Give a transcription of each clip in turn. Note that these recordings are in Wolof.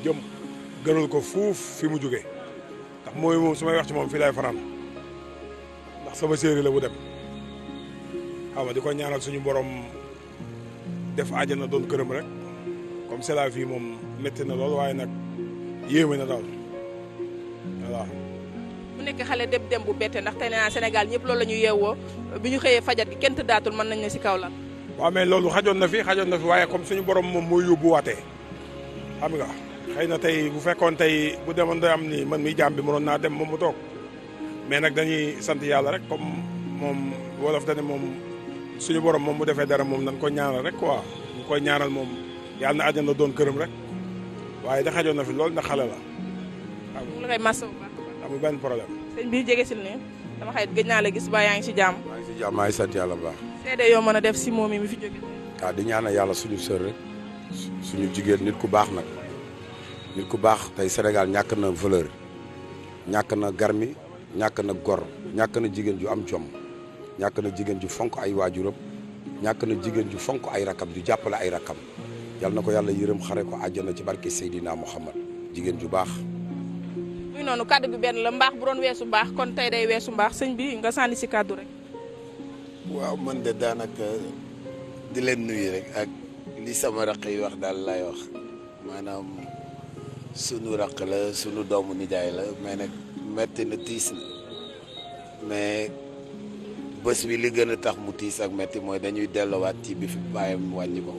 jëm gënal ko fuuf fi mu jóge ndax mooy moom su may wax ci moom fii lay fanaan ndax sama séeréer la bu dem xaw ma di ko ñaanal suñu borom def àjjana doon këram rek comme c'est la vie moom métti na lool waaye nag yéeme na daal voilà. mu nekk xale dem dem bu bette ndax tey naa Sénégal ñëpp loolu la ñu yeewoo bi ñu xëyee fajar gi kenn tëddaatul mën nañ ne si kaw la. waaw mais loolu xajoon na fi xajoon na fi waaye comme suñu borom moom mooy yóbbuwaatee. xam nga xëy na tey bu fekkoon tey bu demoon day am ni man mi jaam bi mënoon naa dem moom mu toog mais nag dañuy sant yàlla rek comme moom wolof dane moom suñu borom moom bu defee dara moom nañ koo ñaanal rek quoi ñu koy moom yàlla na àjjana doon këram rek waaye da xajoon na fi loolu ndax xale la. mu la koy masawu baax a amul benn problème. sëñ bi jege si ne dama xayma gëj naa la gis ba yaa ngi si jàmm. maa ngi si jàmm maa sant yàlla bu baax. seede yoo mën a def si moom mi fi jóge. ah di ñaanal yàlla suñu sër rek. suñu jigéen nit ku baax nag nit ku baax tey Sénégal ñàkk na valeur ñàkk na garmi ñàkk na gor ñàkk na jigéen ju am jom ñàkk na jigéen ju fonk ay waajuram ñàkk na jigéen ju fonk ay rakam ju jàppale ay rakkam yal na ko yàlla yërëm xare ko àjjana ci barke Seydina Muhammad jigéen ju baax. muy noonu kàddu gi benn la mbaax bu doon weesu mbaax kon tey day weesu mbaax sëñ bi nga sànni si kàddu rek. man de daanaka leen nuyu li sama raq yi wax daal lay wax maanaam sunu raq la sunu doomu nijaay la mais nag metti na tiis na mais bés bi li gën a tax mu tiis ak metti mooy dañuy delluwaat ci bi fi bàyyam wàññi ko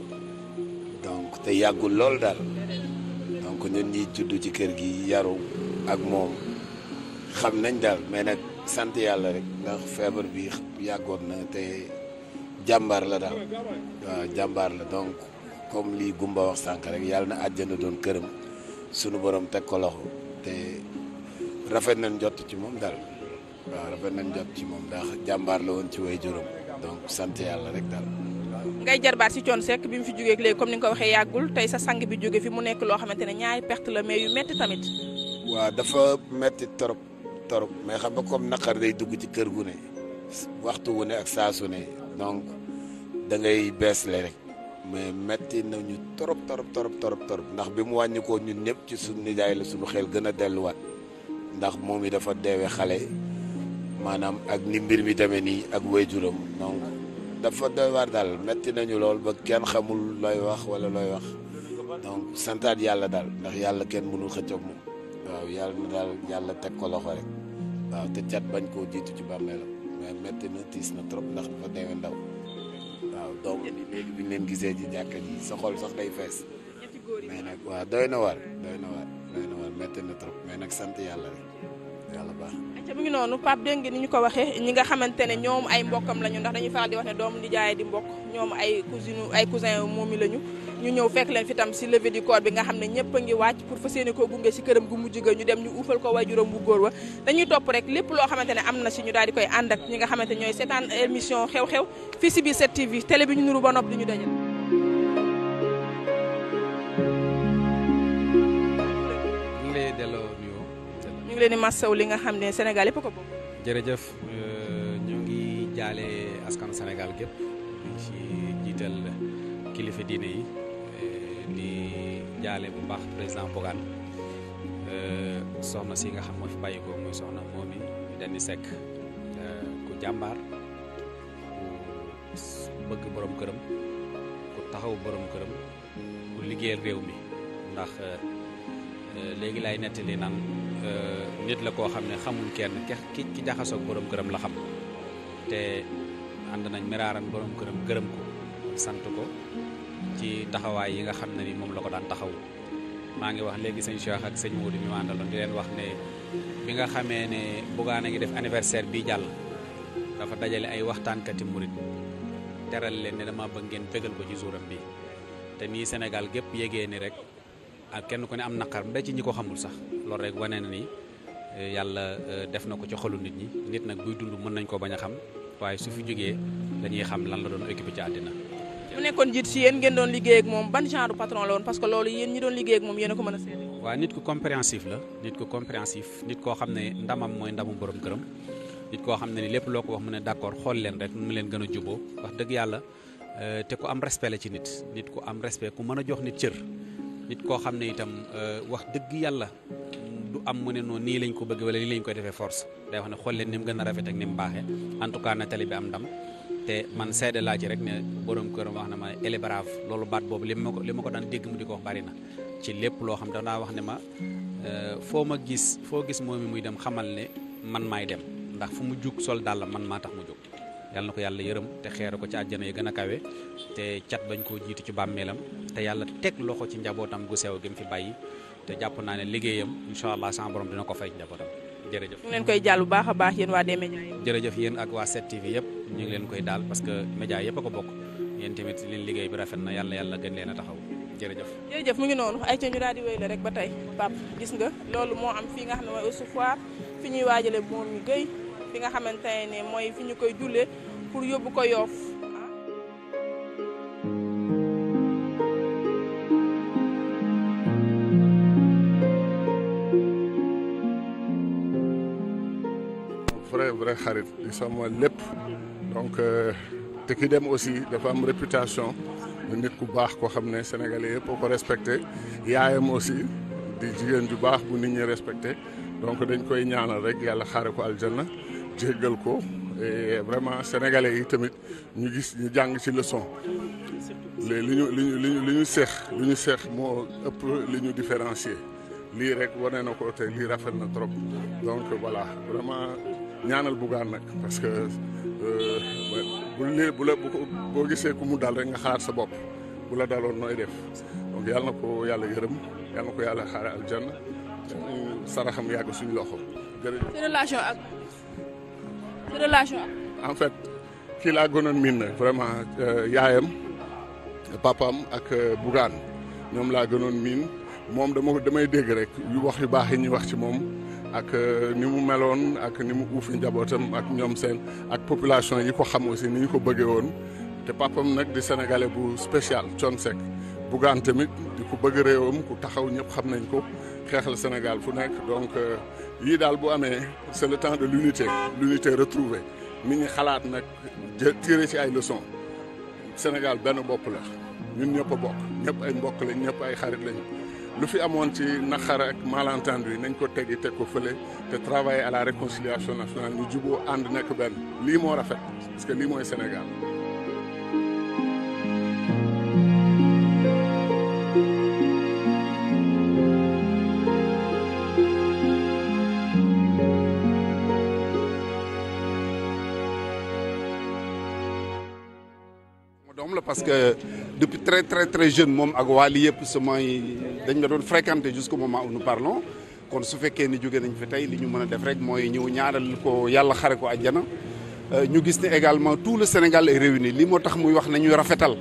donc te yàggul lool daal donc ñun ñiy judd ci kër gi yaru ak moom xam nañ daal mais nag sant yàlla rek ndax feebar bi yàggoon na te jàmbaar la daal waaw jàmbaar la donc comme lii Gumba wax sànq rek yàlla na àjjana doon këram sunu boroom teg ko loxo te rafet nañ jot ci moom daal waaw rafet nañ jot ci moom jàmbaar la woon ci way juróom donc sant yàlla rek daal. ngay jarbaat si coon sekk bi mu fi jógee léegi comme ni nga ko waxee yàggul tey sa sang bi jóge fi mu nekk loo xamante ne ñaari perte la mais yu metti tamit. waa dafa metti torop torop mais xam nga comme naqar day dugg ci kër gu ne waxtu wu ne ak saa su ne donc dangay ngay bees le rek. mais metti nañu torop torop trop trop torop ndax bi mu wàññi ko ñun ñëpp ci suñu nijaay la suñu xel gën a delluwaat ndax moom i dafa deewe xale maanaam ak ni mbir mi demee nii ak waajuram donc dafa doy waar daal metti nañu lool ba kenn xamul looy wax wala looy wax donc santaat yàlla daal ndax yàlla kenn mënul xëccoog moom waaw yàlla na daal yàlla teg ko loxo rek waaw te cat bañ koo jiitu ci bàmmeelam mais metti na tiis na trop ndax dafa deewe ndaw doom yi léegi bi ñu leen gisee ci jàkka ji sa xol sax day fees mais nag waaw doy na waar doy na waar doy na na trop mais nag sant yàlla rek yàlla baax te mu ngi noonu Pape dégg ni ñu ko waxee ñi nga xamante ne ñoom ay mbokkam lañu ndax dañuy faral di wax ne doomu nijaay di mbokk ñoom ay cousine ay cousin moom mi lañu ñu ñëw fekk leen fi tam si levée du corps bi nga xam ne ñëpp a ngi wàcc pour fas yéene koo gunge si këram gu mujj ga ñu dem ñu uufal ko waajuram bu góor wa dañuy topp rek lépp loo xamante ne am na si ñu daal di koy ànd ak ñi nga xamante ñooy seetaan émission xew-xew fii si biir 7TV télé bi ñu ñu ngi leen di li nga xam ne Sénégal jërëjëf euh, ñoo ngi jaale askan senegal gépp ci jiital kilifa diine yi euh, di jaale bu baax président Bougane euh, soxna si nga xam moo fi bàyyi ko muy soxna moom yi dañuy sekk ku jàmbaar ku bëgg borom këram ku taxaw boroom këram ku liggéeyal réew mi ndax léegi lay nettali naan. Euh, nit la koo xam ne xamul kenn ki ki jaxasoog boroom këram la xam te ànd nañ meraaran borom këram gërëm ko sant ko ci taxawaay yi nga xam ne ni moom la ko daan taxaw maa ngi wax léegi sëñ Cheikh ak sëñ Modou mi ma àndaloon di leen wax ne bi nga xamee ne Bougane a ngi def anniversaire bii jàll dafa dajale ay waxtaankati murit teral leen ne dama bëgg ngeen bégal ko ci suuram bi te nii Sénégal gépp yégee ni rek ak kenn ku ne am naqar da ci ñi ko xamul sax loolu rek wane na ni eh, yàlla eh, def na ko ci nit ñi nit nag buy dund mën nañ koo bañ a xam waaye su fi jógee dañuy xam lan la doon équipe ci àddina. mu nekkoon jiit si yéen ngeen doon liggéey ak moom ban genre patron la woon parce que loolu yéen ñi doon liggéey ak moom yéen a ko mën a seede. nit ku compréhensif la nit ku compréhensif nit koo xam ne ndamam mooy ndamu boroom këram nit koo xam ne ni lépp loo ko wax mu ne d'accord xool leen rek mu leen gën a juboo wax dëgg yàlla eh, te ko am respect la ci nit nit ko am respect ku mën a jox nit cër nit koo xam ne itam wax dëgg yàlla du am mu ne noonu nii lañ ko bëgg wala nii lañ koy defee force day wax ne xool leen ni mu gën a rafet ak ni mu baaxee en tout cas na tali bi am ndam te man seede laaj rek ne borom këram wax na ma elle loolu baat boobu li ma ko li ko daan dégg mu di ko bari na ci lépp loo xam danaa wax ne ma euh, foo ma gis foo gis moom mi muy dem xamal ne man maay dem ndax fu mu jug sol daal la man maa tax mu jug yàlla na ko yàlla yërëm te xeeru ko ci àjjana yi gën a kawe te cat bañ koo jiitu ci bàmmeelam te yàlla teg loxo ci njabootam gu sew gi mu fi bàyyi de jàpp naa ne liggéeyam incha allah sama borom dina ko fay njabootam jërëjëf. ñu koy jaal bu baax a baax yéen waa des médias yi. jërëjëf yéen ak waa 7 ngi leen koy daal parce que média yëpp a ko bokk yéen tamit leen liggéey bi rafet na yàlla yàlla gën leen a taxaw jërëjëf. jërëjëf mu ngi noonu ay ca ñu daal di rek ba tey Pape gis nga loolu moo am fii nga xam mooy Ouest Foire fi ñuy waajale moom ñu gëy fi nga xamante ne mooy fi ñu koy jullee pour yóbbu ko yoof xarit di sama lépp donc euh, te ki dem aussi dafa am réputation du nit ku baax koo xam ne sénégalais yëpp ko respecté yaayam aussi di jigéen ju baax bu nit ñi respecté donc dañ koy ñaanal rek yàlla xaare ko aljanna jéggal ko et vraiment sénégalais yi tamit ñu gis ñu jàng ci leçon li ñu li ñu li ñu li ñu seex li ñu seex moo ëpp lu ñu différencier lii rek wane na ko te lii rafet na trop donc voilà vraiment ñaanal Bougane nag parce que euh, bu lii bu la boo gisee ku mu dal rek nga xalaat sa bopp bu la daloon nooy def donc yàlla na ko yàlla yërëm yàlla na ko yàlla xaare aljanna saraxam yàgg suñu loxo. jërëjëf ak sa en fait kii laa gënoon miin nag vraiment euh, yaayam papaam ak euh, Bougane ñoom laa gënoon miin moom dama damay dégg rek yu wax yu baax yi ñuy wax ci moom. ak euh, ni mu meloon ak ni mu uufi njabootam ak ñoom seen ak population yi ko xam si ni ñu ko bëggee woon te papam nag di sénégalais bu special Thione Seck Bougane tamit di ku bëgg réewam ku taxaw ñëpp xam nañ ko xeexal senegal fu nekk donc euh, yii daal bu amee c'est le temps de l'unité l'unité retrouvée nit ñu xalaat nag jë tiré ci ay leçons Sénégal benn bopp la ñun ñëpp a bokk ñëpp ay mbokk lañ ñëpp ay xarit lañ lu fi amoon ci naqar ak malentendu yi nañ ko tegi teg ko fële te travailler à la réconciliation nationale ñu juboo ànd nekk benn lii moo rafet parce que lii mooy Sénégal doom la parce que depuis très très très jeune moom ak waali yëpp samay dañ la doon fréquenter jusqu'au moment où nous parlons kon su fekkee ni jóge nañ fi tey li ñu mën a def rek mooy ñëw ñaanal ko yàlla xare ko àjjana euh, ñu gis ne également tout le Sénégal est réuni li moo tax muy wax nañuy rafetal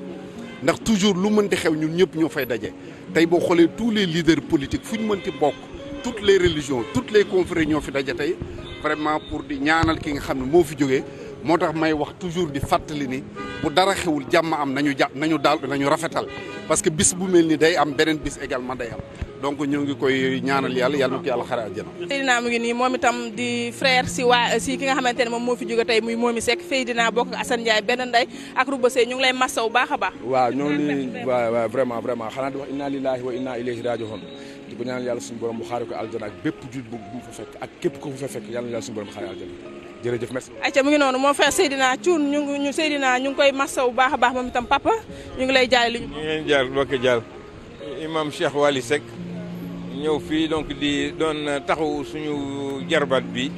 ndax toujours lu mënti xew ñu ñëpp ñoo fay daje tey boo xoolee tous les leaders politiques fu ñu mënti bokk toutes les religions toutes les confréries ñoo fi daje tey vraiment pour di ñaanal ki nga xam ne moo fi jógee moo tax may wax toujours di fàttali ni bu dara xewul jàmm am nañu jàpp nañu daal nañu rafetal parce que bis bu mel ni day am beneen bis également day am donc ngi koy ñaanal yàlla yàlla na ko yàlla xare àjjana ngi nii moom itam di frère si ki nga xamante ne moom moo fi jóge tey muy Momy Seck Seydina bokk ak Assane Ndiaye benn ndey ak baax a baax waaw ñoo ngi waaw waaw xanaa di wax inna lillahi wa inna ilayhi raji'un di ko ñaanal yàlla suñu borom bu xaare ko aljana ak bépp jul bu mu fekk ak képp ko fa fekk yàlla aljana jërëjëf merci. ayca mu ngi noonu moo feex Seydina Thioune ñu ngi ñu Seydina ñu ngi koy massa bu baax baax moom tam papa ñu ngi lay jaay li ñu. ñu ngi leen jaar mbokk jaar imam Cheikh Waly Seck ñëw fii donc di doon taxaw suñu jarbaat bi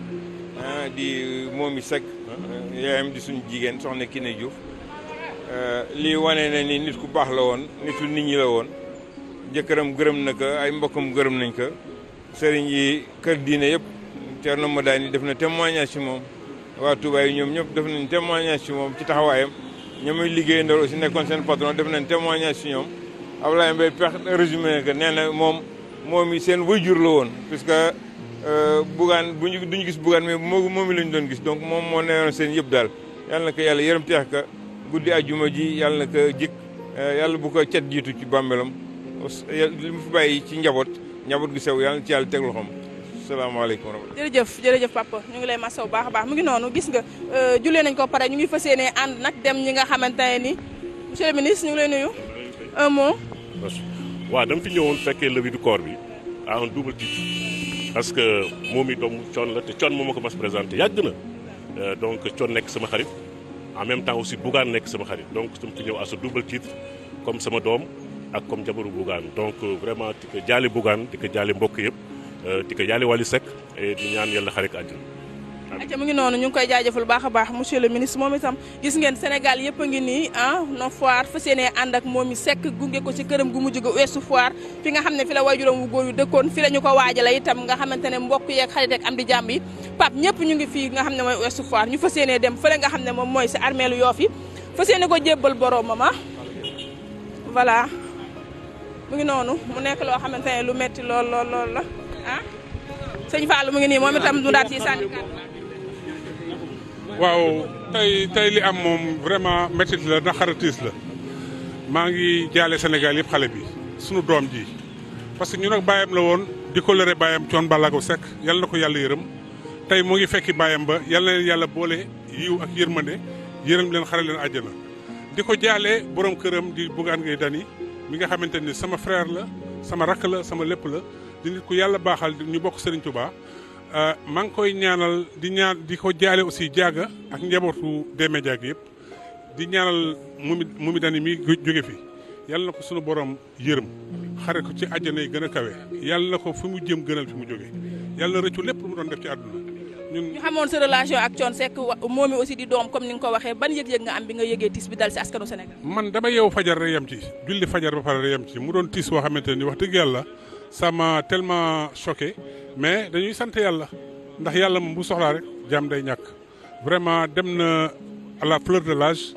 ah, di Momy Seck ah, yaayam di suñ jigéen soxna Kiné Diouf ah, lii wane na ni nit ku baax la woon nitu nit ñi la woon jëkkëram gërëm na ay mbokkam gërëm nañ ko sëriñ yi kër diine yëpp. Thierno Madani def na témoignage ci moom waa Touba yi ñoom ñëpp def nañ témoignage ci moom ci taxawaayam ñoom muy liggéey ndaw aussi nekkoon seen patron def nañ témoignage ci ñoom Ablaye Mbaye pex résumé que nee na moom moom yi seen wëjur la woon puisque euh, bugaan bu ñu duñu gis bugaan mais moom moom la ñu doon gis donc moom moo newoon seen yëpp daal yàlla na ko yàlla yërëm teex ka guddi ajuma ji yàlla na ko jik euh, yàlla bu ko cet jiitu ci bàmmeelam li mu fi bàyyi ci njaboot njaboot gu sew yàlla na ci salaamaaleykum wa rahmatulah. jërëjëf jërëjëf papa ñu ngi lay masaw baax baax mu ngi noonu gis nga euh, jullee nañ ko pare ñu ngi fas yéene ànd nag dem ñi nga xamante ne ni monsieur le ministre ñu ngi lay nuyu. un mot. waaw dama fi ñëwoon fekkee levée du koor bi à un double titre parce que moom i doomu Thione la te Thione moom ma ko mas présenté yàgg na euh, donc Thione nekk sama xarit en même temps aussi Bougane nekk sama xarit donc dama fi ñëw à ce double titre comme sama doom ak comme jabaru Bougane donc euh, vraiment di ko jaale di ko jaale mbokk yëpp. Euh, di ko jaale Wally Seck di ñaan yàlla xarit àjjana aca mu ngi noonu ñu ngi koy jaajëfal baax a baax monsieur le ministre moom itam gis ngeen Sénégal yëpp a ngi nii ah no foire fa seenee ànd ak sekk gunge ko ci këram gu mujj ga weesu foire nga xam ne fi la waajuram wu góor yu dëkkoon fi la ñu ko waajale itam nga xamante ne mbokk yeeg xarit ak am di ñu ngi fii nga xam ne mooy weesu ñu fa seenee dem fële nga xam ne moom mooy si armeelu Yoff fa seene ko jébbal boroomam ah voilà mu ngi noonu mu nekk loo xamante ne lu metti lool lool lool la ah sëñ Fallou mu ngi nii moom itam mu daal ci sànni waaw tey tey li am moom vraiment métit la naxaratiis la maa ngi jaale Sénégal yëpp xale bi sunu doom ji parce que ñu nag bàyyam la woon di ko lëre bàyyam coon balago Seck yal na ko yàlla yërëm tey moo ngi fekki baayam ba yal na leen yàlla boole yiw ak yërmande yërëm leen xare leen àjjana di ko jaale borom këram di Bougane Gueye Dany mi nga xamante ni sama frère la sama rakk la sama lépp la di nit ku yàlla baaxal ñu bokk Serigne Touba euh, maa ngi koy ñaanal di ñaan di ko jaale aussi jaaga ak njabootu D-Média gi yëpp di ñaanal Momy Momy Dany mi jóge fi yàlla na ko sunu borom yërëm xare ko ci àjjana yi gën a kawe yàlla na ko fi mu jëm gënal fi mu jóge yàlla na rëccu lépp mu doon def ci àdduna ñun ñu xamoon sa relation ak Thione Seck moom mi aussi di doom comme ni nga ko waxee ban yëg-yëg nga am bi nga yëgee tiis bi dal si askanu Sénégal. man dama yeewu fajar mu doon tiis boo xamante ni wax dëgg yàlla ça m'a tellement mais dañuy sant yàlla ndax yàlla moom bu soxlaa rek jaam day ñàkk vraiment dem na à la fleur de l'âge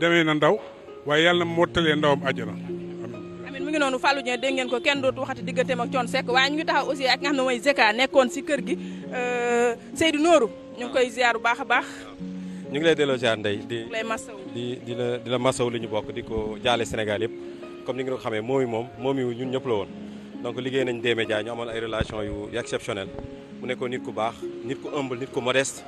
demee na ndaw waaye yàlla na mottalee ndawam àjjana mu ngi noonu Fallou Dieng dégg ngeen ko kenn dootu waxati digganteem ak Thione Seck waaye ñu ngi taxaw aussi ak nga xam ne mooy Zeka nekkoon si kër gi euh, Seydou Nooru ñu ngi koy ziar bu baax a baax. ñu ngi lay delloo ziar Ndeye di di di la di la masaw li ñu bokk di ko jaale Sénégal yëpp comme ni nga ko xamee moomi moom moomi ñun ñëpp la woon. donc liggéey nañ D-Média ñu amoon ay relation yu exceptionnelle mu nekkoon nit ku baax nit ku humble nit ku modeste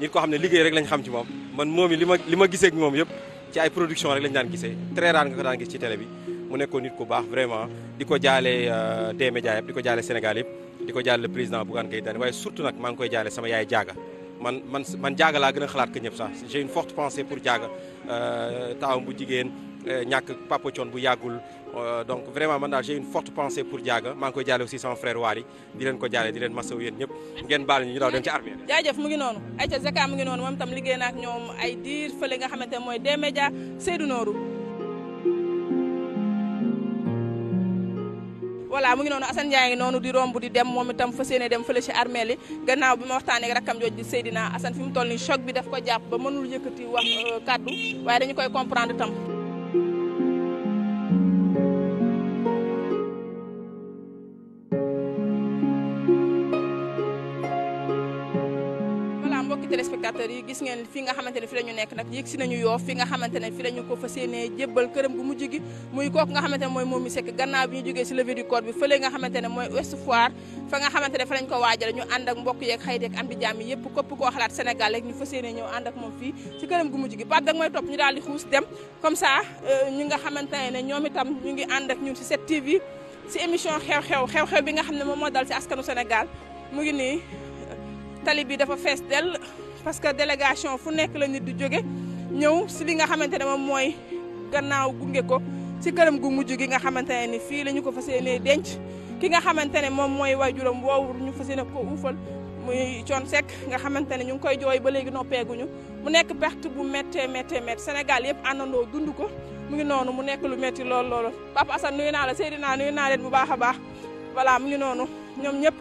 nit ko xam ne liggéey rek lañ xam ci moom man moom li ma li ma gisee ak moom yëpp ci ay production rek lañ daan gisee très rare nga ko daan gis ci télé bi mu nekkoon nit ku baax vraiment di ko jaale euh, D-Média yëpp di ko jaale Sénégal yëpp di ko jaale le président Bougane Gueye Dany waaye surtout nag maa ngi koy jaale sama yaay jaaga man man man jaaga laa gën a xalaat que ñëpp sax j'ai une forte pensée pour jaaga euh, bu jigéen euh, ñàkk Papa Thione bu yàggul Euh, donc vraiment man daal j'ai une forte pensée pour Diaga maa ngi koy jaale aussi sama frère Waly di leen ko jaale di leen masawu yéen ñëpp ngeen baal ñu ñu dem ci armée jaajëf mu ngi noonu Aïcha Zeka mu ngi noonu moom tam noonu di romb di dem moom itam fas yéene dem fële ci armée li gannaaw bi ma waxtaanee ak rakkam jooju di Seydina Assane fi mu toll nii choc bi daf ko jàpp ba mënul yëkkati wax euh, kàddu waaye dañu koy comprendre tam téléspectateurs yi gis ngeen fi nga xamante ne fi la ñu nekk nag yëg si nañu yoof fi nga xamante ne fi la ñu ko fas jébbal këram gu mujj gi muy kooku nga xamante ne mooy Momy Seck gannaaw bi ñu jógee si levée du corps bi nga xamante ne ànd ak mbokk yeeg xayi deeg am di jàmm yëpp képp koo xalaat Sénégal rek moom fii si këram gu mujj gi Pape dag mooy topp ñu daal xuus dem comme ça euh, ñi nga xamante ne ñoom itam ñu ngi ànd ak ñun si 7TV si émission xew-xew xew-xew bi nga xam ne moom moo dal si askanu mu ngi nii tali bi dafa fees dell parce que délégation fu nekk la nit di jóge ñëw si li nga xamante ne moom mooy gannaaw gunge ko ci këram gu mujj gi nga xamante ne ni fii la ñu ko fas yéenee denc ki nga xamante ne moom mooy waajuram woowu ñu fas yéene ko uufal muy Thione Seck nga xamante ne ñu ngi koy jooy ba léegi noppeeguñu mu nekk perte bu méttee méttee méttee Sénégal yëpp àndandoo dund ko mu ngi noonu mu nekk lu métti lool lool Papa Assane nuyu naa la Seydina nuyu bu baax a baax voilà mu noonu ñoom ñëpp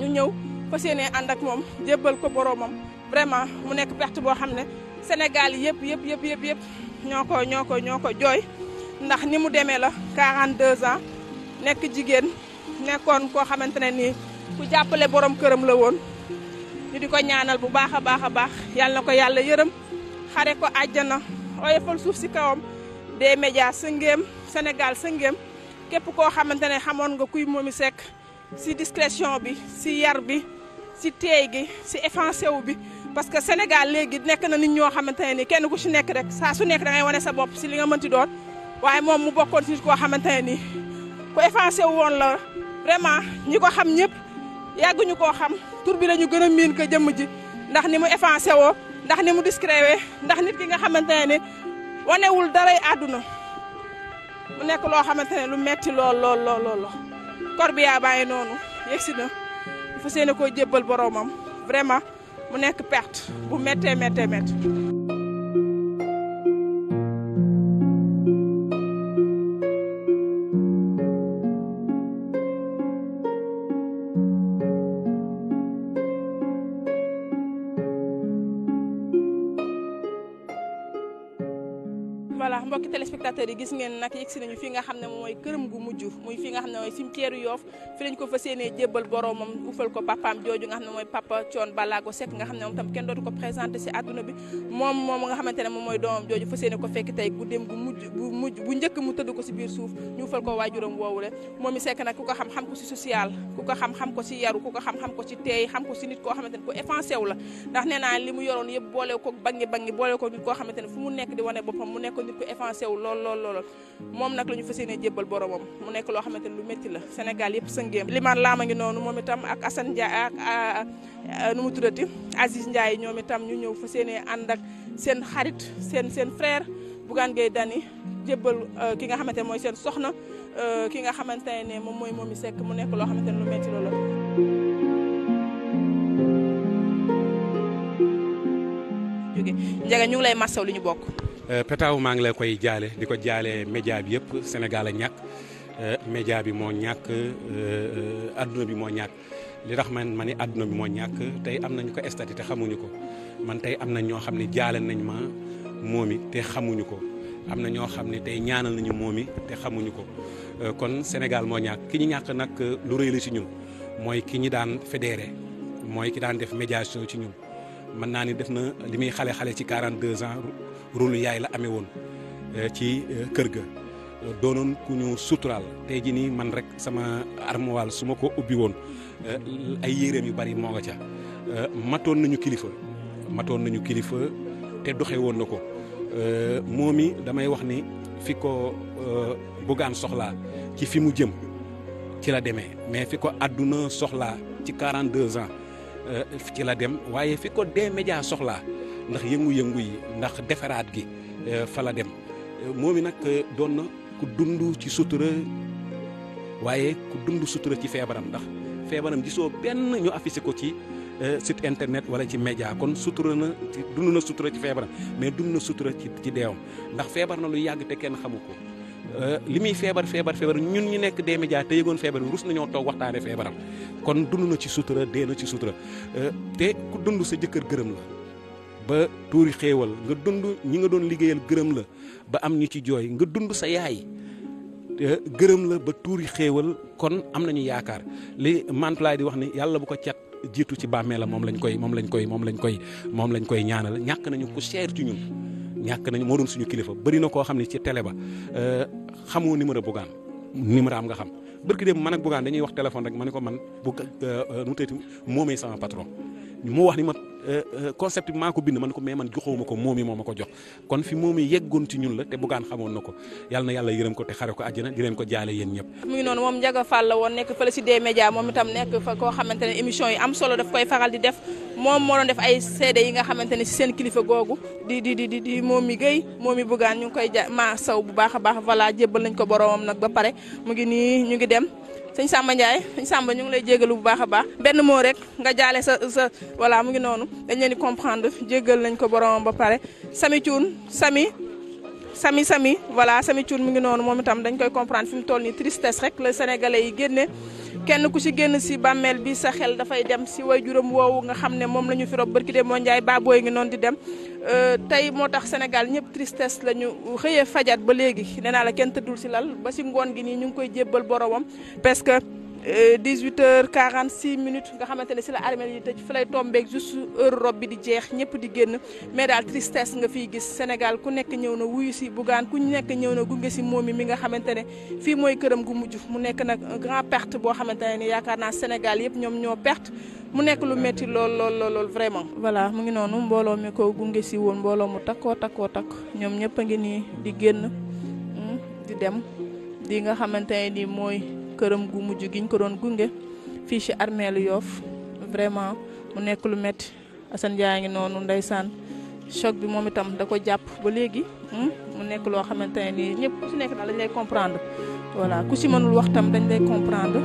ñu ñëw fas yéenee ànd ak moom jébbal ko boromam. vraiment mu nekk perte boo xam ne Sénégal yëpp yëpp yëpp yëpp yëpp ñoo ko ñoo ko ñoo ko jooy ndax ni mu demee la 42 ans nekk jigéen nekkoon koo xamante ne nii ku jàppale borom këram la woon di ko ñaanal bu baax a baax a baax yàlla ko yàlla yërëm xare ko àjjana oyofal suuf si kawam de médias sëngéem Sénégal sëngéem képp koo xamante ne xamoon nga kuy Momy Seck si discrétion bi si yar bi si teey gi si effacé wu bi parce que Sénégal léegi nekk na nit ñoo xamante ne ni kenn ku si nekk rek saa su nekk da wane sa bopp si li nga mënti doon waaye moom mu bokkoon si nit koo xamante ne ni ku effacé woon la vraiment ñi ko xam ñëpp yàgguñu koo xam tur bi la ñu gën a miin ko jëmm ji ndax ni mu effacé woo ndax ni mu discréwee ndax nit ki nga xamante ne ni wanewul daray àdduna mu nekk loo xamante ne lu metti lool lool lool lool Corbillard bàyyi noonu yegsi na fas yéene koo jébbal boroomam vraiment mu nekk perte bu méttee méttee méttee. baax mbokki téléspectateurs yi gis moom moom nga xamante moom mooy doomam jooju fas ko fekk tey gu gu mujj bu njëkk mu tëdd ko si biir suuf ñu ufal ko waajuram woowule moom i Seck nag ku ko xam-xam ko si social ku ko xam-xam ko si yaru ku ko xam-xam ko si teey xam ko si nit koo xamante ne ku la ndax nee li mu yoroon yëpp boole ko bangi bangi boole ko nit koo xamante fu mu nekk di wane boppam mu nekk nit ko avancé wu lool lool lool moom nag la ñu fas yéene jébbal boromam mu nekk loo xamante ni lu métti la Sénégal yëpp sëngéem limaan laama ngi noonu moom itam ak Assane Ndiaye ak nu mu tuddati Aziz Ndiaye ñoom itam ñu ñëw fas yéene ànd ak seen xarit seen seen frère Bougane Gueye Dany jébbal euh, ki nga xamante ne mooy seen soxna euh, ki nga xamante ne moom mooy Momy Seck mu nekk loo xamante ne lu métti la lool. Ndiaga ñu ngi lay massaw li ñu bokk Euh, Pétaw maa ngi la koy jaale di ko jaale média bi yëpp Sénégal a ñàkk euh, média bi moo ñàkk euh, adduna bi moo ñàkk li tax man ma ni adduna bi moo ñàkk tey am nañu ko statut te xamuñu ko man tey am na ñoo xam ne jaale nañ ma moom it te xamuñu ko am na ñoo xam ne tey ñaanal nañu moom it te xamuñu ko kon Sénégal moo ñàkk ki ñu ñàkk nag lu rëy la ci ñun mooy ki ñu daan fédéré mooy ki daan def médiation ci ñun mën naa ni def na li muy xale-xale ci 42 ans rôle yaay la amee woon euh, ci euh, kër ga doonoon ku ñu suturaal tey ji nii man rek sama armoire su ma ko ubbi woon euh, ay yéreem yu bari moo nga ca matoon nañu kilifa matoon nañu kilifa te doxe woon na ko moom i damay wax ni fi ko buggaan soxlaa ci fi mu jëm ci la demee mais fi ko àdduna soxlaa ci 42 ans ci la dem waaye fi ko dee média soxlaa ndax yëngu-yëngu yi ndax defaraat gi euh, fa dem euh, moom i nag euh, doon na ku dund ci sutura waaye ku dund sutura ci feebaram ndax feebaram gisoo benn ñu affiché ko ci site internet wala ci média kon sutura na dund na sutura ci feebaram mais dund na sutura ci ci deewam ndax feebar na lu yàgg te kenn xamu ko li muy feebar feebar feebar ñun ñu nekk dee médias te yëgoon feebar bi rus nañoo toog waxtaane feebaram kon dund na ci sutura dee na ci sutura te ku dund sa jëkkër gërëm ba tuuri xéewal nga dund ñi nga doon liggéeyal gërëm la ba am ñu ci jooy nga dund sa yaay gërëm la ba tuuri xéewal kon am nañu yaakaar li mantulaay di wax ni yàlla bu ko cat jiitu ci bàmmeelam moom lañ koy moom lañ koy moom lañ koy moom lañ koy ñaanal ñàkk nañu ku seer ci ñun ñàkk nañu moo doon suñu kilifa bëri na koo xam ne ci télé ba euh, xamoo numéro bugaan numéro am nga xam bërki dem man ak bugaan dañuy wax téléphone rek ma ne ko man bu euh, euh, nu mu moomee sama patron mu wax ni ma euh, euh, concept bi maa ko bind man ko mais man joxoo ko moom yi moo ma ko jox kon fi moom yi yeggoon ci ñun la te buggaan xamoon na ko yàlla na yàlla yërëm ko te xare ko àjjana di leen ko jaale yéen ñëpp mu ngi noonu moom Ndiaga Fall la woon nekk fële si des médias moom itam nekk fa koo xamante ne émission yi am solo daf koy faral di def moom moo doon ay seede yi nga xamante ne si seen kilifa googu di di di di moom mi Guèye moom mi buggaan ñu ngi koy ja maa saw bu baax a baax voilà jébbal nañ ko boroomam nag ba pare mu ngi nii ñu ngi dem sëñ Samba Ndiaye sëñ sàmba ñu ngi lay jégalu bu baax a baax benn moo rek nga jaale sa sa voilà mu ngi noonu dañ leen di comprendre jégal nañ ko borom ba pare Sami Thioune Sami Sami Sami voilà Sami Thioune mu ngi noonu moom itam dañ koy comprendre fi mu toll nii tristesse rek la sénégalais yi génne. kenn ku ci génn ci bàmmeel bi sa xel dafay dem ci way juróom woowu nga xam ne moom la ñu fi rob barki de moo njaay baabooy ngi noonu di dem euh, tey moo tax Sénégal ñëpp tristesse la ñu xëyee fajat ba léegi nee naa la kenn tëddul ci lal ba ci ngoon gi nii ñu ngi koy jébbal boromam parce que 18 euh, heures 46 minutes nga xamante ne si la armée yi tëj fi lay tombeeg juste heure rob bi di jeex ñëpp di génn mais daal tristesse nga fiy gis Sénégal ku nekk ñëw na wuyu si Bougane ku nekk ñëw na gunge si moom mi nga xamante ne fii mooy këram gu mujj mu nekk nag un grand perte boo xamante ne yaakaar naa Sénégal yëpp ñoom ñoo perte mu nekk lu métti lool lool lool vraiment. voilà mu ngi noonu mbooloo mi ko gunge si woon mbooloo mu takkoo takkoo takk ñoom ñëpp a ngi nii di génn hmm, di nga xamante ne nii këram gu mujj giñ ko doon gunge fii si armeelu Yoff vraiment mu nekk lu métti Assane Ndiaye ngi noonu ndeysaan choc bi moom itam da ko jàpp ba léegi hmm, mu nekk loo xamante ne nii ñëpp ku ci nekk daal dañ lay comprendre voilà ku ci mënul wax tam dañ lay comprendre.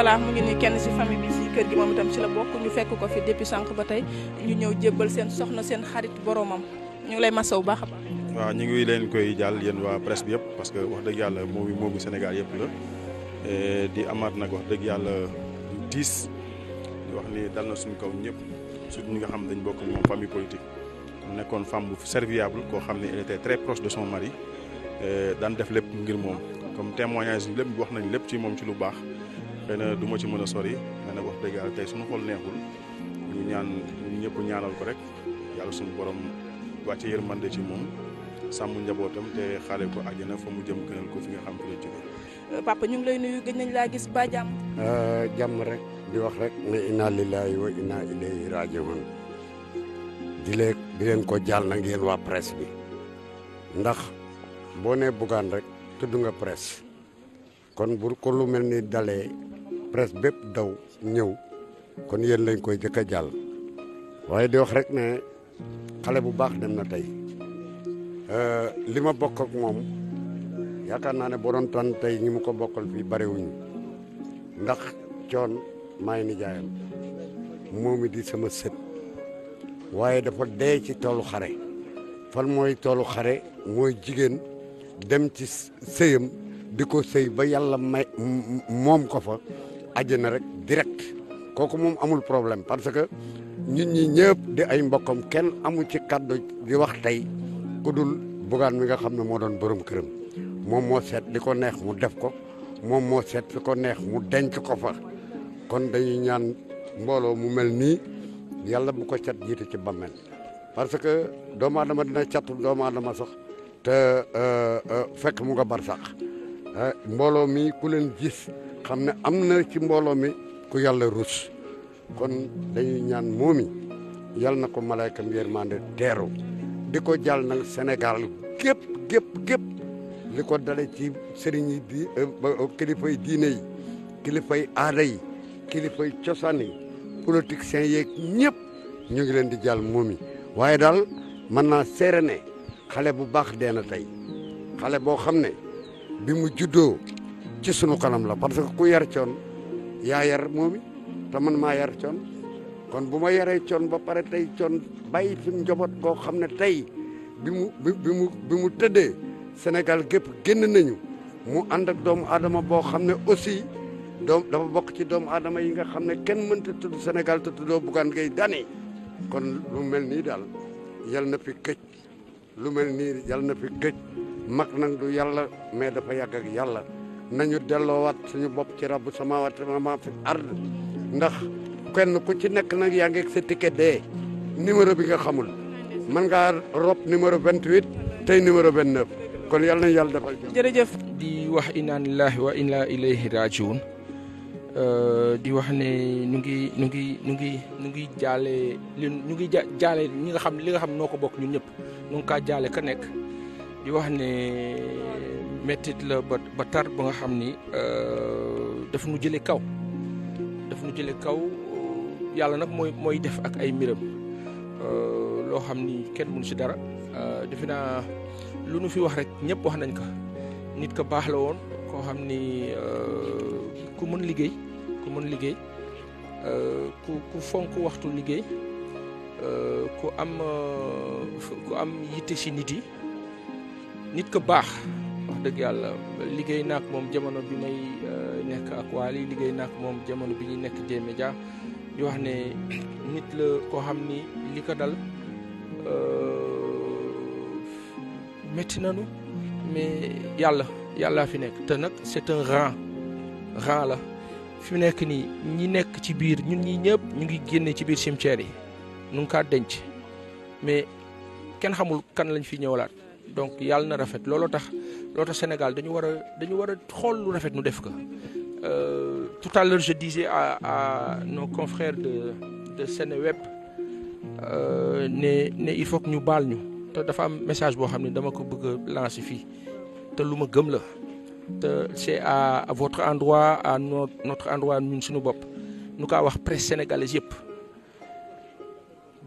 voilà mu ngi nii kenn ci famille bi ci kër gi moom itam ci la bokk ñu fekk ko fi depuis sànq ba tey ñu ñëw jébbal seen soxna seen xarit boromam ñu ngi lay masawu baax a ñu ngi leen koy jàll yéen waa presse bi yëpp parce que wax dëgg yàlla moomu moomu Sénégal yëpp la di amar nag wax dëgg yàlla lu diis di wax ni dal na suñu kaw ñëpp surtout ñi nga xam dañ bokk moom famille politique. mu nekkoon femme bu serviable koo xam ne elle était très proche de son mari daan def lépp ngir moom comme témoignage bi lépp wax nañ lépp ci moom ci lu baax. xëy na du ma ci mën a sori mais nag wax dëgg yàlla tey suñu xol neexul ñu ñaan ñu ñëpp ñaanal ko rek yàlla suñu borom wàcce yërmande ci moom sàmm njabootam te xaale ko àjjana fa mu jëm gënal ko fi nga xam fi na jóge euh, papa ñu ngi lay nuyu gëj laa gis ba jàmm euh, jàmm rek di wax rek inaa inna lillahi wa inna ilayhi rajiun di leen di ko jàll nag yéen waa presse bi ndax boo nee bugaan rek tudd nga presse kon bu ko lu mel ni dalee presque bépp daw ñëw kon yéen lañ koy jëkk a jàll waaye di wax rek ne xale bu baax dem na tey euh, li ma bokk moom yaakaar naa ne boo doon tànn tey ñi mu ko bokkal fii barewuñu ndax coon maay nijaayam moomi di sama sët waaye dafa dee ci toolu xare fan mooy toolu xare mooy jigéen dem ci sëyam di ko sëy ba yàlla may moom ko fa na rek direct kooku moom amul problème parce que nit ñi ñëpp di ay mbokkam kenn amul ci kàddu di wax tey ku dul bugaan mi nga xam ne moo doon borom këram moom moo seet di ko neex mu def ko moom moo seet li ko neex mu denc ko fa kon dañuy ñaan mbooloo mu mel nii yàlla bu ko cat jiite ci bammel parce que doomu aadama dina catu doomu aadama sax te euh, euh, fekk mu nga bar eh, mbooloo mi ku leen gis xam ne am na ci mbooloo mi ku yàlla rus kon dañuy ñaan moomi yal na ko malaykam yërmande teeru di ko jàll nag Sénégal gépp gépp li ko dale ci sëriñ yi di euh, euh, kilifay diine yi kilifay aada yi kilifay cosaan yi politiciens yeeg ñëpp ñu ngi leen di jàll moomi waaye daal mën naa seere xale bu baax dee tey xale boo xam ne bi mu juddoo ci sunu kanam la parce que ku yar coon yaa yar moomi te man maa yar coon kon bu ma yaree coon ba pare tey coon bàyyi fi mu njaboot goo xam ne tey bi mu bi mu tëddee Sénégal gépp génn nañu mu ànd ak doomu aadama boo xam ne aussi doom dafa bokk ci doomu aadama yi nga xam ne kenn mënta tudd Sénégal te tuddoo Bougane Gueye Dany kon lu mel nii daal yal na fi këj lu mel nii yal na fi këj mag nag du yàlla mais dafa yàgg ak yàlla nañu delloowaat suñu bopp ci rab rabbu samaawaati maa fi ard ndax kenn ku ci nekk nag yaa ngi sa ticket dee numéro bi nga xamul mën ngaa rob vingt 28 tey numéro 29 kon yàlla nañu yàlla defal jërëjëf di wax inna lillahi wa inna ilayhi rajiun euh, di wax ne ñu ngi ñu ngi ñu ngi ñu ngi jaale li ñu ngi jaale ñi nga xam li nga xam noo ko bokk ñun ñëpp ñu ngi kaa jaale ka nekk di wax ne mettit la ba ba tar ba nga xam ni euh, dafa nu jële kaw daf nu jële kaw euh, yàlla nag mooy mooy def ak ay mbiram euh, loo xam ni kenn mënu ci dara defe naa lu nu fi wax rek ñëpp wax nañ ko nit ko baax la woon koo xam ni ku mën liggéey ku mën liggéey ku ku fonk waxtu liggéey ku am ku am yitte si nit yi nit ko baax wax dëgg yàlla liggéey naak moom jamono bi may euh, nekk ak Wally liggéey naak moom jamono bi ñuy nekk D-Media di wax ne nit la koo xam ni li ko dal euh, métti nanu mais yàlla yàllaa fi nekk te nag c'est un rang la fi mu nekk nii ñi nekk ci biir ñun ñi ñëpp ñu ngi génne ci biir cimetière yi nu kaa denc mais kenn xamul kan lañ fi ñëwalaat donc yàlla na rafet looloo tax loolu tax Sénégal dañu war a dañu war a xool lu rafet nu def ko euh, tout à l'heure je disais à à nos de de Seneweb euh, ne ne il faut ñu baal ñu te dafa am message boo xam ne dama ko bëgg a fii te lu ma gëm la te c'est à, à votre endroit à notre notre endroit ñun suñu bopp nu kaa wax presse sénégalaise yëpp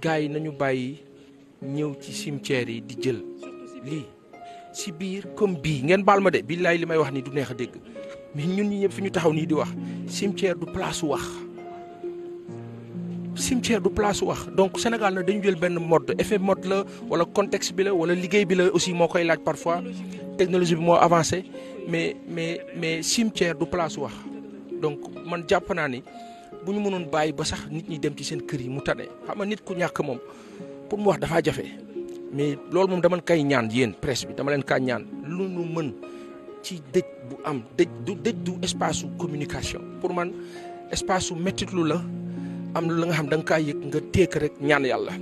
gars yi nañu bàyyi ñëw ci cimetière yi di jël lii. si biir comme bii ngeen baal ma de billaay li may wax ni du neex a dégg mais ñun ñi ñëpp fi ñu taxaw nii di wax cimetière du place wax cimetière du place wax donc Sénégal na dañu jël benn mode effet mode la wala contexte bi la wala liggéey bi la aussi moo koy laaj parfois technologie bi moo avancé mais mais mais cimetière du place wax donc man jàpp naa ni bu ñu mënoon bàyyi ba sax nit ñi dem ci seen kër yi mu tane xam nga nit ku ñàkk moom pour mu wax dafaa jafe. mais loolu moom dama kay ñaan yéen presse bi dama leen kay ñaan lu nu mën ci dëj bu am dëj du dëj du espace su communication pour man espace su mettitlu la am lu la nga xam da nga kaa yëg nga téek rek ñaan yàlla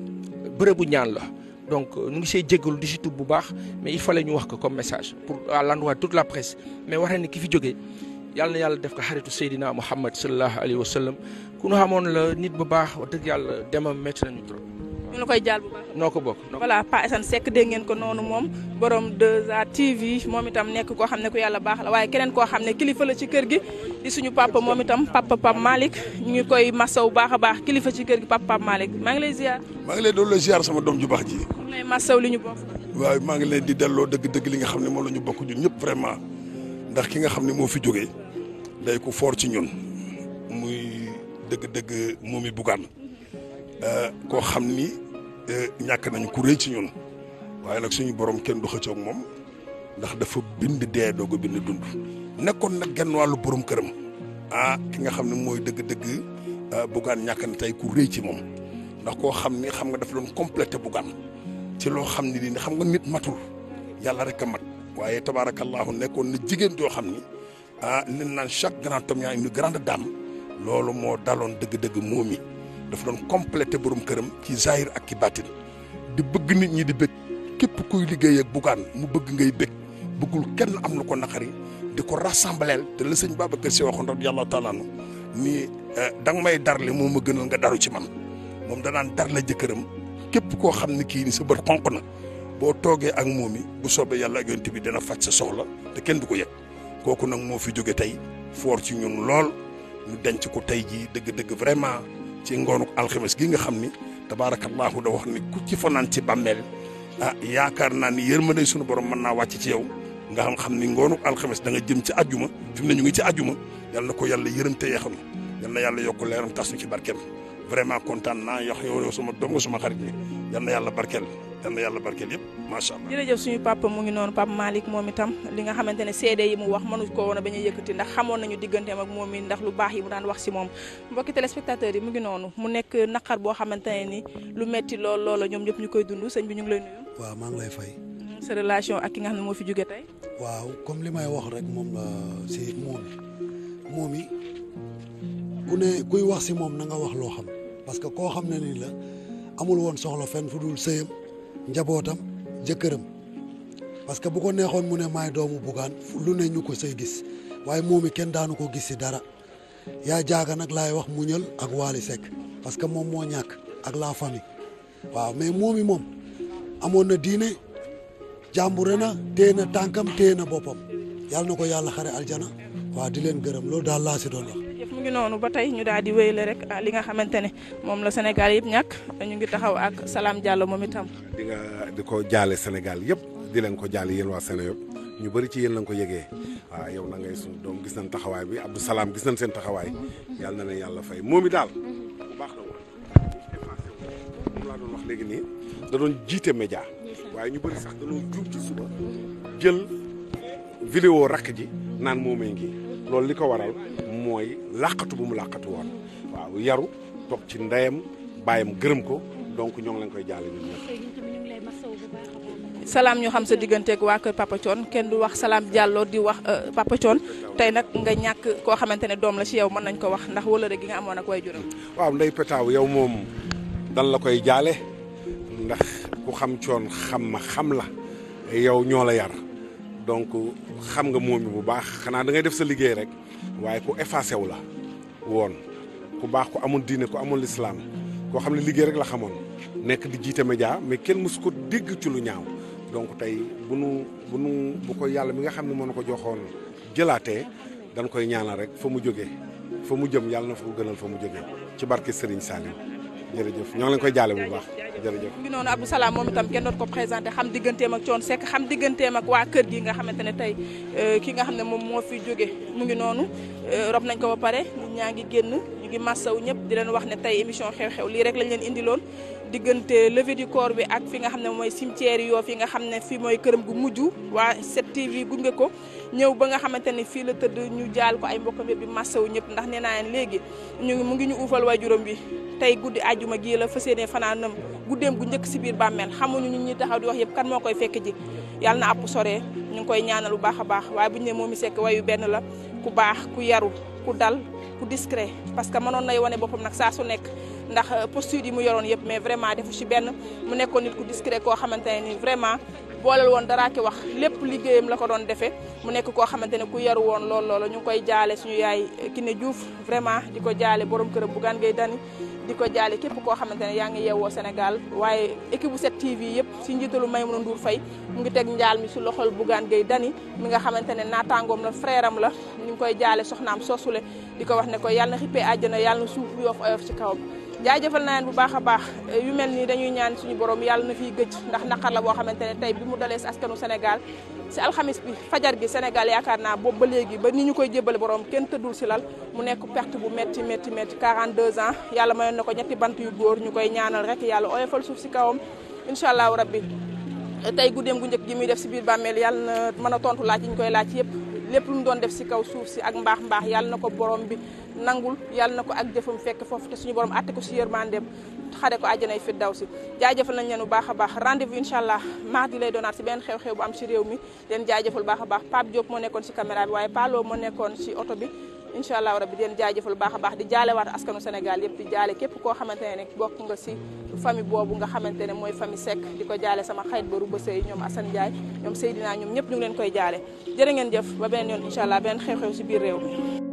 bërëbu ñaan la donc ñu euh, ngi see jégalu di si tub bu baax mais il fallait ñu wax ko comme message pour à l'endroit toute la presse mais waxee ne ki fi jógee yàlla na yàlla def ko xaritu Seydina Muhammad sallallahu alayhi wa sallam ku nu xamoon la nit bu baax wax dëgg yàlla demam métti nañu trop. ñu la koy jaal bu ko bokk voilà Pa Assane Seck ngeen ko noonu moom borom 2A moom itam nekk koo xam ne ku yàlla baax la waaye keneen koo xam ne kilifa ci kër gi suñu papa moom itam papa Pape Malick ñu ngi koy masaw baax a baax kilifa ci kër gi papa Pape Malick maa ngi lay ziar maa ngi lay doon la ziar sama doom ju baax ji ñu lay masaw li ñu maa ngi leen di delloo dëgg-dëgg li nga xam ne moom la ñu bokk ñun ñëpp vraiment ndax ki nga xam ne moo fi jógee day ko foor ci ñun muy dëgg-dëgg moomi bugaan Euh, koo xam ni euh, ñàkk nañu ku rëy ci ñun waaye nag suñu borom kenn du xëccoog moom ndax dafa bind dee doog a bind dund nekkoon nag genn wàllu borom këram ah ki nga xam ne mooy dëgg-dëgg euh, bugaan ñàkk na tey ku rëy ci moom ndax koo xam ni xam nga dafa doon complété bugaan ci loo xam ni li xam nga nit matul yàlla rek a mat waaye tabaarakallaahu nekkoon na jigéen joo xam ni ah li naan chaque grand homme y a une grande dame loolu moo daloon dëgg-dëgg moomi dafa doon complété borom këram ci zahir ak ci baatin di bëgg nit ñi di bëgg képp kuy liggéey ak bugaan mu bëgg ngay bëgg bëggul kenn am lu ko naqari di ko rassembleel te la sëñ Babacar Si waxoon radiyallahu taala anhu ni eh, da nga may darle moo ma gënal nga daru ci man moom danaan darle jëkkëram képp koo xam ne kii ni sa bët xonq na boo toogee ak moom yi bu soobee yàlla ak yonent bi dana faj sa soxla te kenn du ko yëg kooku nag moo fi jóge tey foor ci ñun lool denc ko tey jii dëgg vraiment ci ngoonu alxames gi nga xam ni tabaarakallaahu da wax ni ku ci fanaan ci bàmmeel ah yaakaar naa ni yërmande sunu borom mën naa wàcc ci yow nga xam xam ni ngoonu alxames da nga jëm ci ajjuma fi mu ne ñu ngi ci ajuma yal na ko yàlla yërëm teye yeexal yal na yàlla yokk leeram tas ñu ci barkeem vraiment kontaan naa yox yow suma doom nga suma xarit bi yal na yàlla barkeel yal na yàlla barkeel yëpp macha allah. jërëjëf suñu papa mu ngi noonu papa Malick moom itam li nga xamante ne seede yi mu wax mënu ko woon a bañ a yëkkati ndax xamoon nañu digganteem ak moom mi ndax lu baax yi mu daan wax si moom mbokki téléspectateurs yi mu ngi noonu mu nekk naqar boo xamante ne ni lu metti lool ñoom ñëpp ñu koy dund sëñ bi ñu ngi lay nuyu. waaw maa ngi ak ki nga xam ne moo fi jóge tey. waaw comme li may wax rek moom si moom moom ku ne kuy wax si moom na nga wax loo xam parce que koo xam ne nii la amul woon soxla fenn fu dul sëyam njabootam jëkkëram parce que bu neexoon mu ne maay doomu bugaan lu ne ñu ko say gis waaye moom it kenn daanu ko gis si dara yaa jaaga nag laay wax mu ñël ak Waly Seck parce que moom moo ñàkk ak la famille waaw mais moom i moom amoon na diine jàmbure na téye na tànkam téye na boppam yàlla na ko yàlla xare aljana waaw di leen gërëm loolu daal laa si doon wax ngi noonu ba tey ñu daal di wéy la rek ah, li nga xamante ne moom la Sénégal yëpp ñàkk ñu ngi taxaw ak Salam Diallo moom itam. di nga di ko jaale Sénégal yëpp di leen ko jaale yéen waa Sénégal ñu bëri ci yéen lañ ko yëgee ah, yow na ngay gis nañ taxawaay bi Abdou Salam gis nañ seen taxawaay yàlla na leen yàlla fay moom i baax la woon moom laa jiite média waaye ñu bëri sax da doon juum ci suba jël vidéo rakk ji naan moomee ngi loolu li ko waral mooy làqatu bu mu làqatu woon waaw yaru toog ci ndeyam bàyyam gërëm ko donc ñoo ngi leen koy jaale ñun ñëpp. salaam ñu xam sa digganteek waa kër Papa Thione kenn du wax salaam jàlloo di wax euh, Papa Thione tey nag nga ñàkk koo xamante ne doom la ci yow mën nañ ko wax ndax wëllëre gi nga amoon ak way juróom. waaw ndey Pétaw yow moom dan la koy jaale ndax ku xam coon xam ma xam la yow ñoo la yar. donc xam nga moom bu baax xanaa da ngay def sa liggéey rek waaye ku effacé wu la woon ku baax ku amul diine ku amul lislaam koo xam ne liggéey rek la xamoon nekk di jiite média mais kenn mësu ko dégg ci lu ñaaw donc tey bu nu bu nu bu ko yàlla mi nga xam ne moo na ko joxoon jëlaatee dañ koy ñaanal rek fa mu jógee fa mu jëm yàlla na fa ko gënal fa mu jógee ci barke Serigne Saliou jërëjëf ñoo ngi leen koy jaale bu baax jërëjëf bi noonu Abdou Salam moom itam kenn doot ko présenté xam digganteem ak Thione Seck xam digganteem ak waa kër gi nga xamante ne tey euh, ki nga xam ne moom moo fi jóge mu ngi noonu euh, rob nañ ko ba pare ñaa ngi génn ñu ngi massaw ñëpp di leen wax ne tey émission xew-xew lii rek lañ leen indiloon diggante levée du corps bi ak fi nga xam ne mooy cimetière yoo fi nga xam ne fii mooy këram gu mujj waa 7TV gunge ko ñëw ba nga xamante ne fii la tëdd ñu jaal ko ay mbokkam bi massaw ñëpp ndax nee naa léegi ñu mu ngi ñu uufal juróom bi tey guddi àjjuma gii la fas yéene fanaanam guddeem gu njëkk si biir bàmmeel xamuñu ñun ñi taxaw di wax yëpp kan moo koy fekk ji yàlla na àpp soree ñu koy ñaanal bu baax baax waaye bu ñu ne moom mi sekk yu benn la ku baax ku yaru ku dal ku discret parce que mënoon nay wane boppam nag saa su nekk ndax euh, posture yi mu yoroon yëpp mais vraiment defu si benn mu nekkoon nit ku discret koo xamante ne ni vraiment booleel woon daraa ki wax lépp liggéeyam la ko doon defee mu nekk koo xamante ne ku yaru woon lool loolu ñu ngi koy jaale suñu yaay euh, Kiné Diouf vraiment di ko jaale borom këram Bougane Gueye Dany di ko jaale képp koo xamante ne yaa ngi yeewoo Sénégal waaye équipe bu 7TV yëpp si njiitalu Maimouna Ndour Faye mu ngi teg njaal mi si loxol Bougane Gueye Dany mi nga xamante ne naataangoom la frère am la ñu ngi koy jaale soxnaam soosule di ko wax ne ko yàlla na xippee àjjana yàlla na suuf yoof oyof ci kawam jaajëfal naa leen bu baax a baax yu mel nii dañuy ñaan suñu borom yàlla na fiy gëj ndax naqar la boo xamante ne tey bi mu dalee si askanu Sénégal si alxamis bi fajar gi Sénégal yaakaar naa boobu ba léegi ba ni ñu koy jébale borom kenn tëddul si lal mu nekk perte bu metti metti métti métti 42 ans yàlla mayoon na ko ñetti bant yu góor ñu koy ñaanal rek yàlla oyofal suuf si kawam incha allahu rabbi tey guddeem gu njëkk gi muy def si biir bàmmeel yàlla na mën a tontu laaj yi ñu koy laaj yëpp lépp lu doon def si kaw suuf si ak mbaax mbaax yàlla na ko borom bi nangul yàlla na ko ak jëfam fekk foofu te suñu borom àtte ko si yërmandeem xare ko àjjanay fi daw si jaajëfal nañ leen bu baax a baax rendez-vous incha allah mardi lay doonaat si benn xew-xew bu am si réew mi baax baax Pape Diop moo nekkoon si caméra bi waaye Palo moo si oto bi incha allah rabbi di baax baax di jaalewaat askanu Sénégal yëpp di jaale képp koo xamante ne rek bokk nga si famille nga xamante ne mooy famille Seck di ko jaale sama xarit ba Rouba Seye ñoom Assane Ndiaye ñoom Seydina ñoom ñëpp ñu leen koy jaale jërë ngeen jëf ba beneen yoon incha allah beneen xew-xew si biir réew mi